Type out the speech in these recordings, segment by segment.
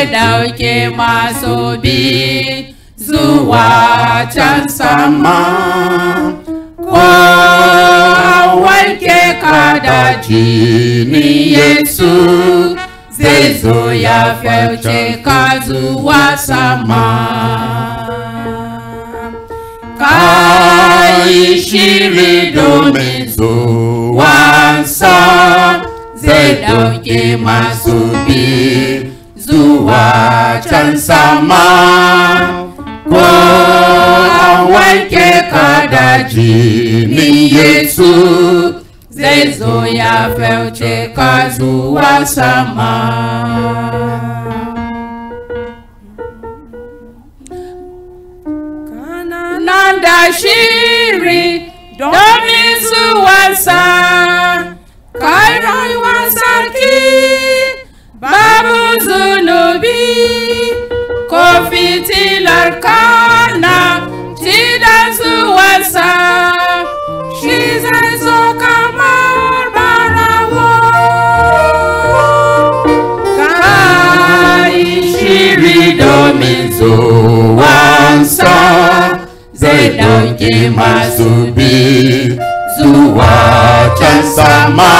zai ɗauke masu bi zuwa can sama ko wanke ka da jini yesu zai ya fauce ka zuwa sama kai shiri domin zuwansa zai ɗauke masu can sama ko an ke kadaji ni jinin yesu zai ya fauce kazu zuwa sama da shiri domin zuwansa kairon ninguém mais subir sua chansama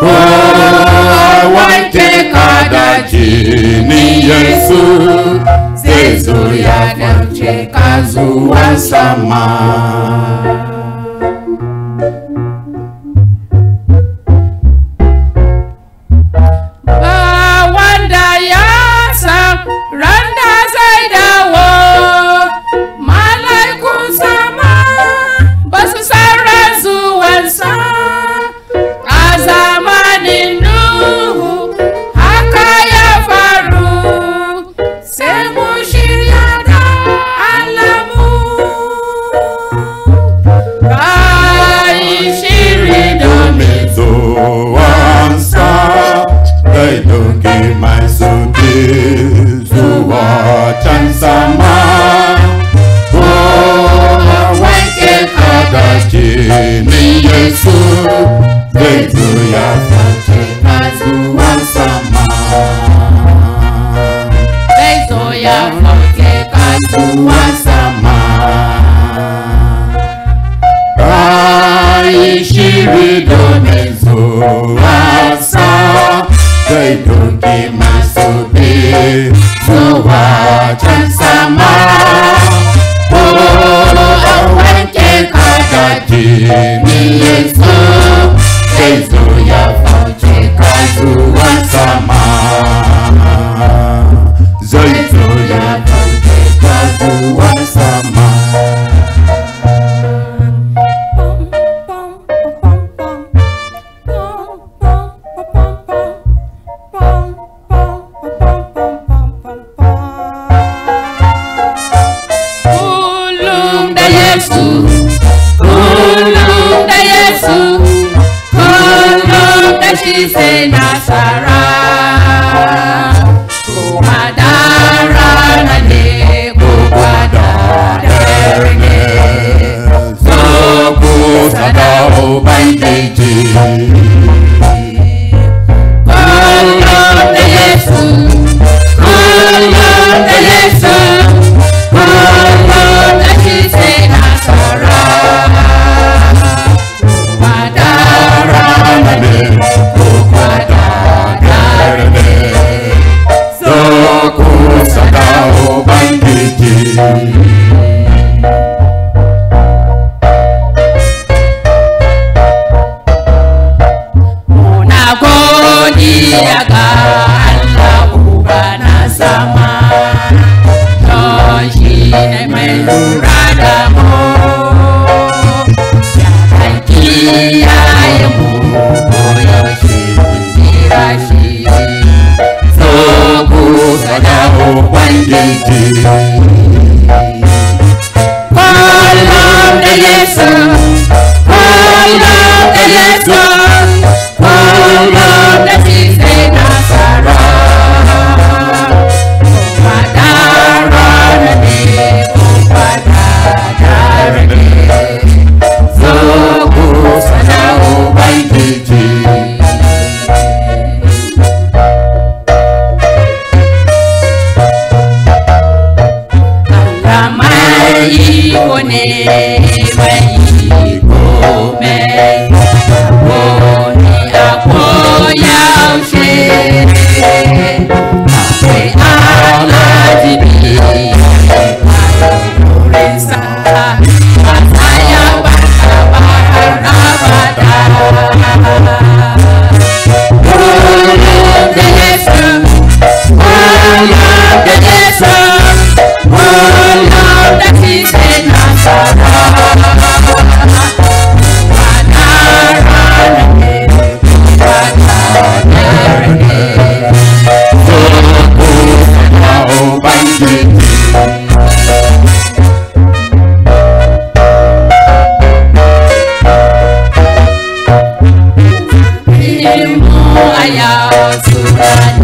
Oh, waite kada jini Yesu Sezu ya nyanche kazuwa sama Tuhan sama Zaitunya berkata sama she's a Nazara. Kumadara na ne kukwada derene. Zoku sadao bandeji. Thank you. mu a yawa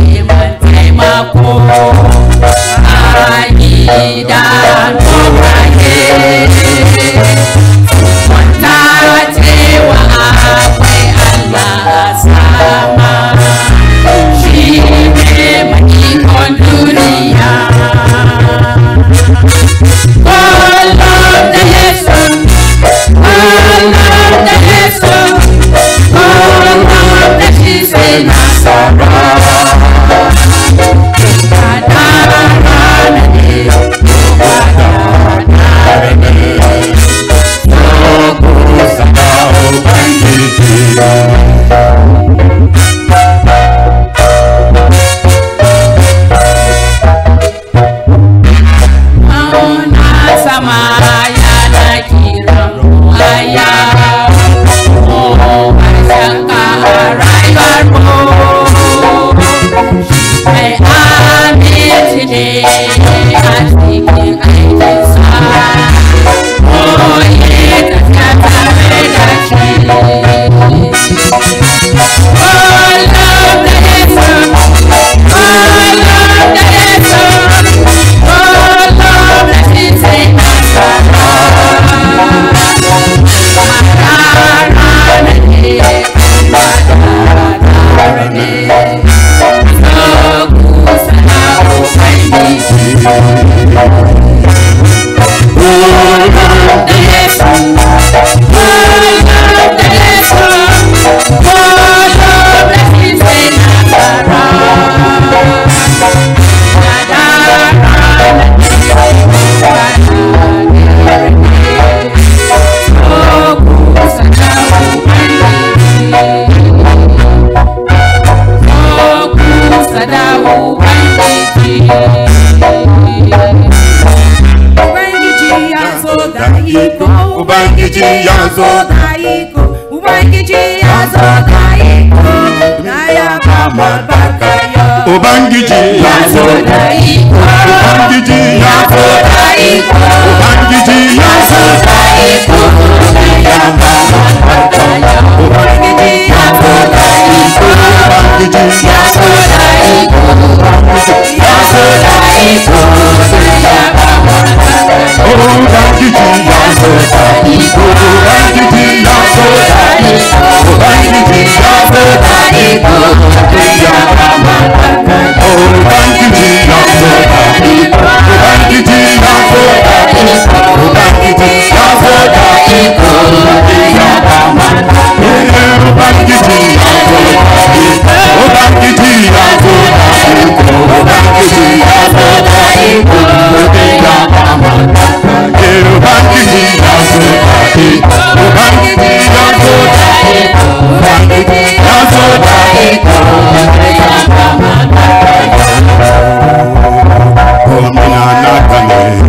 neman taimako a gida O O Ubangiji yafo Ubangiji yafo Ubangiji yafo Ubangiji yafo Ubangiji yafo Yeah.